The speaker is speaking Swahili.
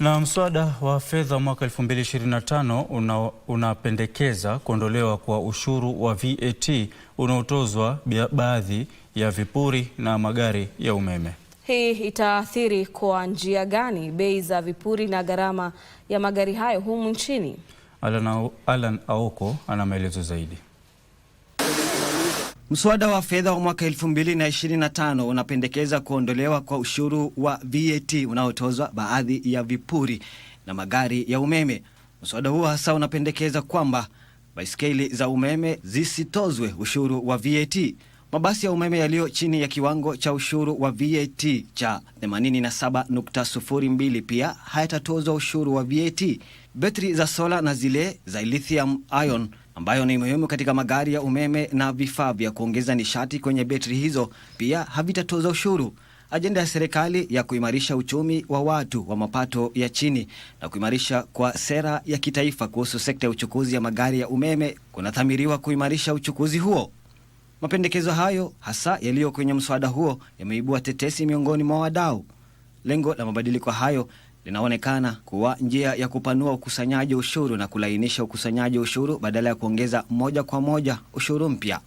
Na mswada wa fedha mwaka 2025 unapendekeza kuondolewa kwa ushuru wa VAT unaotozwa baadhi ya vipuri na magari ya umeme. Hii itaathiri kwa njia gani bei za vipuri na gharama ya magari hayo humu nchini? Alan Aoko ana maelezo zaidi. Mswada wa fedha wa mwaka 2025 unapendekeza kuondolewa kwa ushuru wa VAT unaotozwa baadhi ya vipuri na magari ya umeme. Mswada huo hasa unapendekeza kwamba baiskeli za umeme zisitozwe ushuru wa VAT. Mabasi ya umeme yaliyo chini ya kiwango cha ushuru wa VAT cha 87.02 pia hayatatozwa ushuru wa VAT. Betri za sola na zile za lithium ion ambayo ni muhimu katika magari ya umeme na vifaa vya kuongeza nishati kwenye betri hizo pia havitatozwa ushuru. Ajenda ya serikali ya kuimarisha uchumi wa watu wa mapato ya chini na kuimarisha kwa sera ya kitaifa kuhusu sekta ya uchukuzi ya magari ya umeme kunathamiriwa kuimarisha uchukuzi huo. Mapendekezo hayo hasa yaliyo kwenye mswada huo yameibua tetesi miongoni mwa wadau. Lengo la mabadiliko hayo linaonekana kuwa njia ya kupanua ukusanyaji ushuru na kulainisha ukusanyaji ushuru badala ya kuongeza moja kwa moja ushuru mpya.